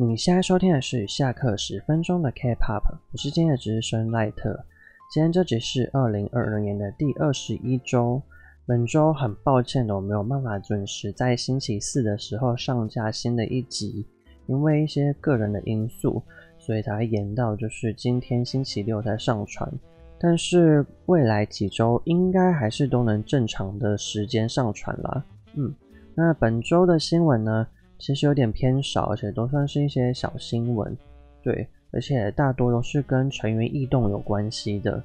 你現在收聽的是下課十分鐘的 K-pop，我是今天的值日生賴特。今天這集是二零二二年的第二十一週，本週很抱歉的我沒有辦法準時在星期四的時候上架新的一集，因為一些個人的因素，所以才延到就是今天星期六才上傳。但是未來幾週應該還是都能正常的時間上傳了。嗯，那本週的新聞呢？其實有點偏少，而且都算是一些小新聞，對，而且大多都是跟成員異動有關係的。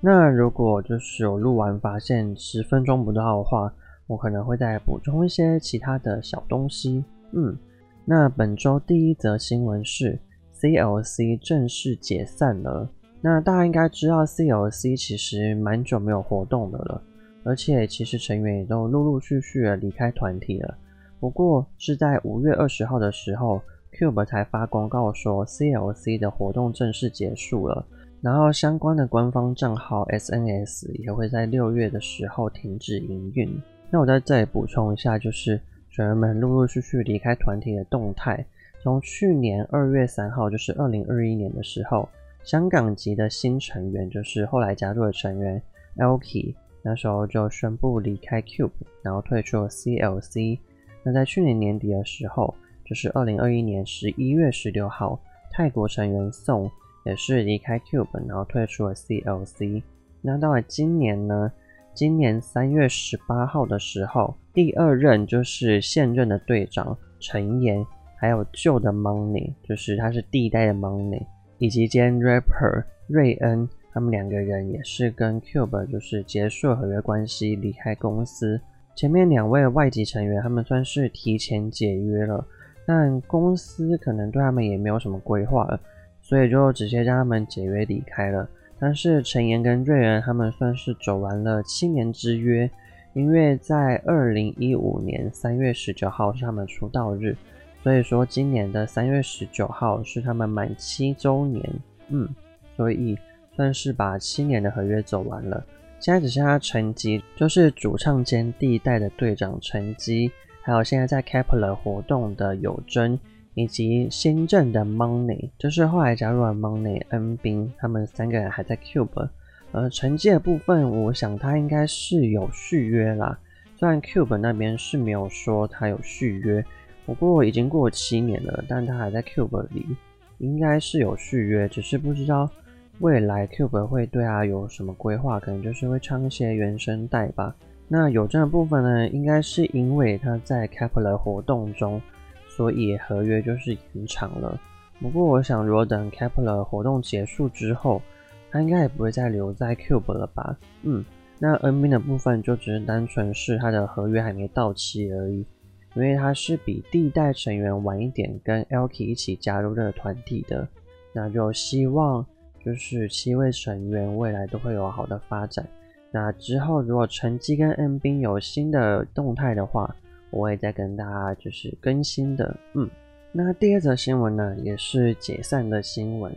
那如果就是我錄完發現十分鐘不到的話，我可能會再補充一些其他的小東西。嗯，那本週第一則新聞是 CLC 正式解散了。那大家應該知道，CLC 其實蠻久沒有活動的了，而且其實成員也都陸陸續續的離開團體了。不過是在五月二十號的時候，Cube 才發公告說 CLC 的活動正式結束了。然後相關的官方賬號 SNS 也會在六月的時候停止營運。那我在這裡補充一下，就是成員們陸陸續續離開團體的動態。從去年二月三號，就是二零二一年的時候，香港籍的新成員，就是後來加入的成員 Elkie，那時候就宣布離開 Cube，然後退出了 CLC。那在去年年底的時候，就是二零二一年十一月十六號，泰國成員宋也是離開 Cube，然後退出了 CLC。那到了今年呢？今年三月十八號的時候，第二任就是現任的隊長陳岩，還有舊的 Money，就是他是第一代的 Money，以及兼 rapper 瑞恩，他們兩個人也是跟 Cube 就是結束合約關係，離開公司。前面兩位外籍成員，他們算是提前解約了，但公司可能對他們也沒有什麼規劃了，所以就直接讓他們解約離開了。但是陳妍跟瑞恩他們算是走完了七年之約，因為在二零一五年三月十九號是他們出道日，所以說今年的三月十九號是他們滿七週年，嗯，所以算是把七年的合約走完了。現在只是他成基，就是主唱兼第一代的隊長成基，還有現在在 Kep1er 活動的有真，以及新正的 Money，就是後來加入了 Money 恩彬，他們三個人還在 Cube。而、呃、成基的部分，我想他應該是有續約啦，雖然 Cube 那邊是沒有說他有續約，不過已經過了七年了，但他還在 Cube 裡，應該是有續約，只是不知道。未來 Cube 會對他有什麼規劃？可能就是會唱一些原聲帶吧。那有這個部分呢，應該是因為他在 Kep1er 活動中，所以合約就是延長了。不過我想，如果等 Kep1er 活動結束之後，他應該也不會再留在 Cube 了吧。嗯，那 Nmin 的部分就只是單純是他的合約還沒到期而已，因為他是比第一代成員晚一點跟 Elky 一起加入這個團體的。那就希望。就是七位成員未來都會有好的發展。那之後，如果陳琦跟恩斌有新的動態的話，我會再跟大家就是更新的。嗯，那第二則新聞呢，也是解散的新聞，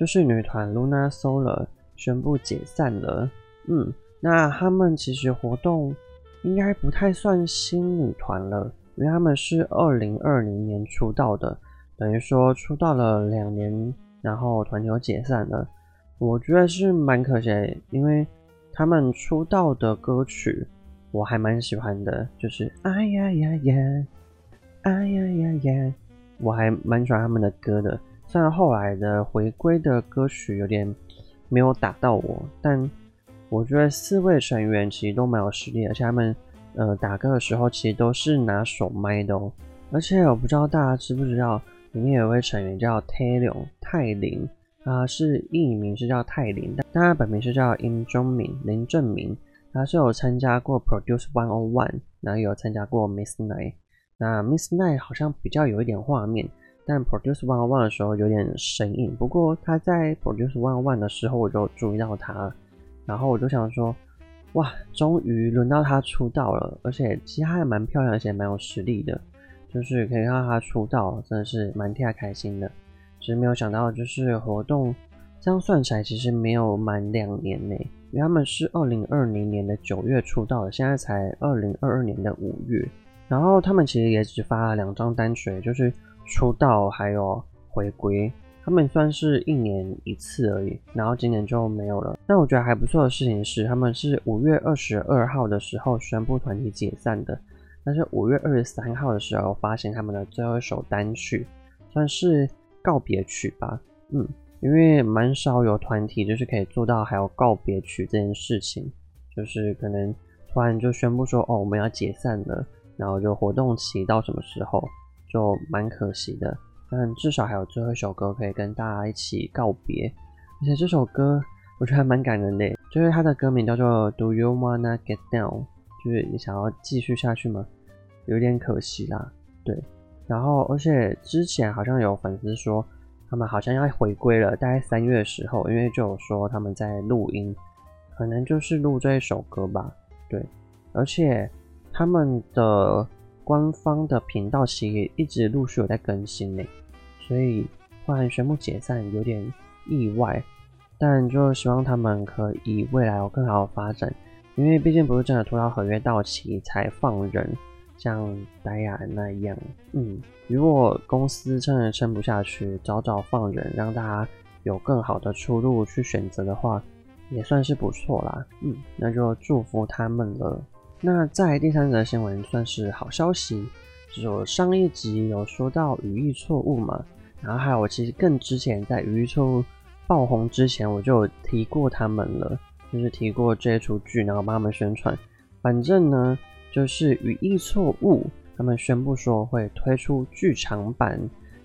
就是女團 LUNARSOLAR 宣布解散了。嗯，那他們其實活動應該不太算新女團了，因為他們是二零二零年出道的，等於說出道了兩年。然後團就解散了，我覺得是蠻可惜，因為他們出道的歌曲我還蠻喜歡的，就是哎、啊、呀呀呀，哎、啊、呀呀呀，我還蠻喜歡他們的歌的。雖然後來的回歸的歌曲有點沒有打到我，但我覺得四位成員其實都蠻有實力，而且他們呃打歌的時候其實都是拿手麥的哦。而且我不知道大家知不知道，裡面有一位成員叫 t a 泰林、泰林，啊，是藝名是叫泰林，但他本名是叫林中明、林正明。他是有參加過 Produce 101，然後有參加過 Miss Night。那 Miss Night 好像比較有一點畫面，但 Produce 101的時候有點生硬。不過他在 Produce 101的時候，我就注意到他，然後我就想說，哇，終於輪到他出道了，而且其實他還蠻漂亮，而且蠻有實力的。就是可以看到他出道，真的是蠻替他開心的。只是沒有想到，就是活動這樣算起來，其實沒有滿兩年內，因為他們是二零二零年的九月出道的，現在才二零二二年的五月。然後他們其實也只發了兩張單曲，就是出道還有回歸，他們算是一年一次而已。然後今年就沒有了。但我覺得還不錯的事情是，他們是五月二十二號的時候宣布團體解散的。但是五月二十三號的時候，發行他們的最後一首單曲，算是告別曲吧。嗯，因為蠻少有團體就是可以做到還有告別曲這件事情，就是可能突然就宣布說，哦，我們要解散了，然後就活動期到什麼時候，就蠻可惜的。但至少還有最後一首歌可以跟大家一起告別，而且這首歌我覺得還蠻感人的，就是它的歌名叫做 Do You Wanna Get Down。就是你想要繼續下去嗎？有點可惜啦，對。然後，而且之前好像有粉絲說，他們好像要回歸了，大概三月的時候，因為就有說他們在錄音，可能就是錄這一首歌吧，對。而且他們的官方的頻道其實也一直陸續有在更新呢，所以突然宣布解散有點意外，但就希望他們可以未來有更好的發展。因為畢竟不是真的，拖到合約到期才放人，像戴亞那樣。嗯，如果公司真的撐不下去，早早放人，讓大家有更好的出路去選擇的話，也算是不錯啦。嗯，那就祝福他們了。那在第三則新聞算是好消息，就是我上一集有說到語意錯誤嘛，然後還有我其實更之前在語意錯誤爆紅之前，我就提過他們了。就是提過這一出劇，然後幫他們宣傳。反正呢，就是語意錯誤。他們宣布說會推出劇場版，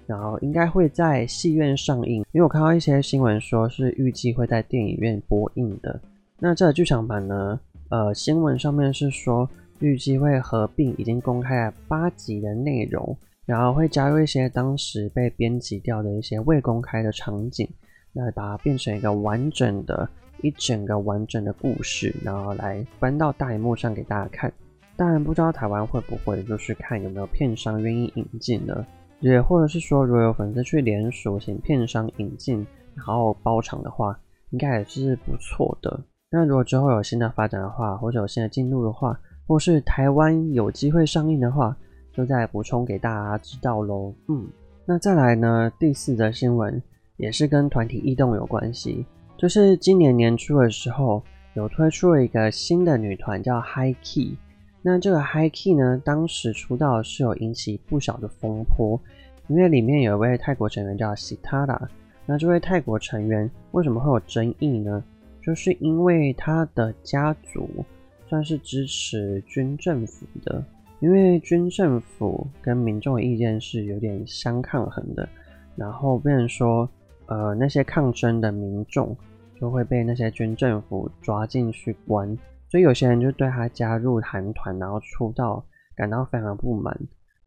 然後應該會在戲院上映。因為我看到一些新聞說是預計會在電影院播映的。那這個劇場版呢，呃，新聞上面是說預計會合併已經公開了八集的內容，然後會加入一些當時被編輯掉的一些未公開的場景，那把它變成一個完整的。一整個完整的故事，然後來搬到大熒幕上給大家看。當然，不知道台灣會不會就是看有沒有片商願意引進呢？也或者是說，如果有粉絲去聯署，請片商引進，然後包場的話，應該也是不錯的。那如果之後有新的發展的話，或者有新的進度的話，或是台灣有機會上映的話，就再補充給大家知道嘍。嗯，那再來呢？第四則新聞也是跟團體異動有關係。就是今年年初的時候，有推出了一個新的女團叫 H1-KEY。那這個 H1-KEY 呢，當時出道是有引起不小的風波，因為裡面有一位泰國成員叫 Sitala。那這位泰國成員為什麼會有爭議呢？就是因為他的家族算是支持軍政府的，因為軍政府跟民眾的意見是有點相抗衡的，然後變成說，呃，那些抗爭的民眾。就會被那些軍政府抓進去關，所以有些人就對他加入韓團然後出道感到非常不滿。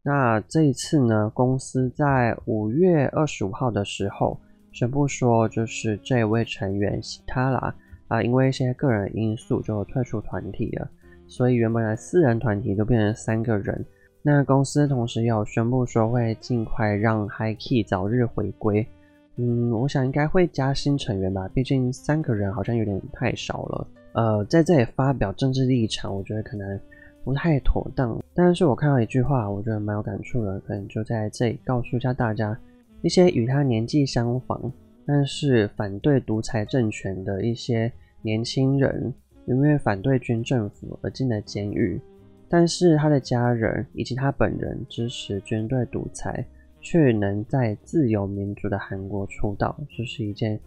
那這一次呢，公司在五月二十五號的時候宣布說，就是這位成員希塔拉啊，因為一些個人因素就退出團體了，所以原本的四人團體就變成三個人。那公司同時有宣布說，會盡快讓 H1-KEY 早日回歸。嗯，我想應該會加新成員吧，畢竟三個人好像有點太少了。呃，在這裡發表政治立場，我覺得可能不太妥當。但是我看到一句話，我覺得蠻有感觸的，可能就在這裡告訴一下大家，一些與他年紀相仿，但是反對獨裁政權的一些年輕人，因為反對軍政府而進了監獄，但是他的家人以及他本人支持軍隊獨裁。卻能在自由民主的韓國出道，這、就是一件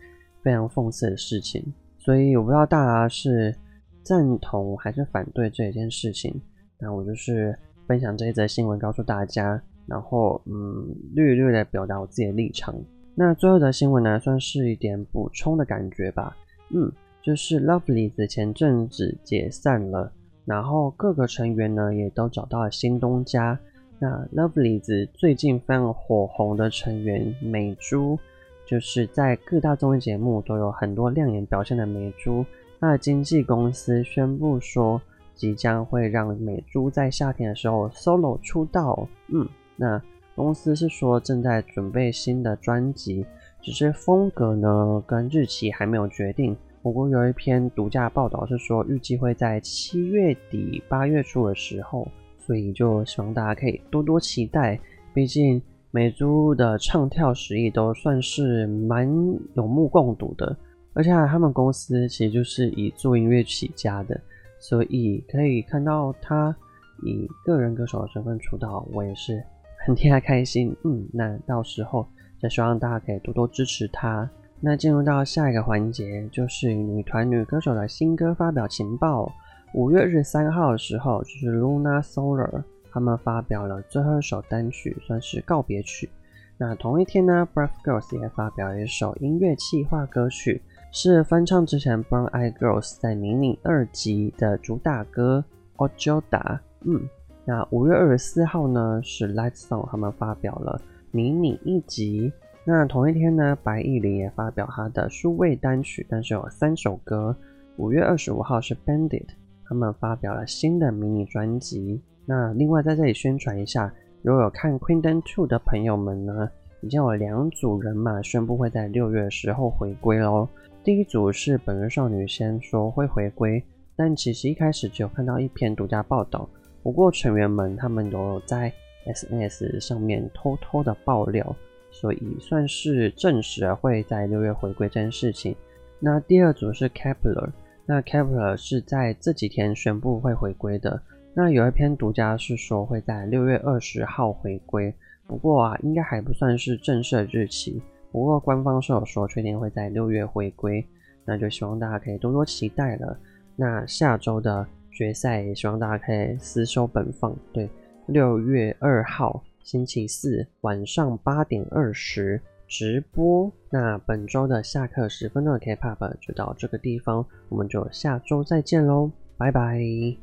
非常諷刺的事情。所以我不知道大家是贊同還是反對這一件事情。那我就是分享這一則新聞，告訴大家，然後嗯，略略的表達我自己的立場。那最後的新聞呢，算是一點補充的感覺吧。嗯，就是 Lovelyz 前陣子解散了，然後各個成員呢也都找到了新東家。那 Lovelyz 最近非常火紅的成員美珠，就是在各大綜藝節目都有很多亮眼表現的美珠。那經紀公司宣布說，即將會讓美珠在夏天的時候 solo 出道。嗯，那公司是說正在準備新的專輯，只是風格呢跟日期還沒有決定。不過有一篇獨家報道是說，預計會在七月底八月初的時候。所以就希望大家可以多多期待，畢竟美珠的唱跳實力都算是蠻有目共睹的，而且他們公司其實就是以做音樂起家的，所以可以看到她以個人歌手的身份出道，我也是很替她開心。嗯，那到時候再希望大家可以多多支持她。那進入到下一個環節，就是女團女歌手的新歌發表情報。五月二十三號的時候，就是 LUNARSOLAR 他們發表了最後一首單曲，算是告別曲。那同一天呢 Brave Girls 也發表了一首音樂企劃歌曲，是翻唱之前 Brown Eyed Girls 在迷你二輯的主打歌 Ojoda。嗯，那五月二十四號呢，是 Light Song 他們發表了迷你一輯。那同一天呢，白藝琳也發表她的數位單曲，但是有三首歌。五月二十五號是 Bandit。他們發表了新的迷你專輯。那另外在這裡宣傳一下，如果有看 Queendom 2的朋友們呢，已經有兩組人馬宣布會在六月時候回歸咯。第一組是本月少女，先說會回歸，但其實一開始就有看到一篇獨家報道，不過成員們他們有在 SNS 上面偷偷的爆料，所以算是證實了會在六月回歸這件事情。那第二組是 Kep1er。那 Kep1er 是在這幾天宣布會回歸的。那有一篇獨家是說會在六月二十號回歸，不過啊，應該還不算是正式的日期。不過官方是有說確定會在六月回歸，那就希望大家可以多多期待了。那下周的決賽，也希望大家可以私收本放。對，六月二號星期四晚上八點二十。直播。那本周的下課十分鐘的 K-pop 就到這個地方，我們就下周再見嘍，拜拜。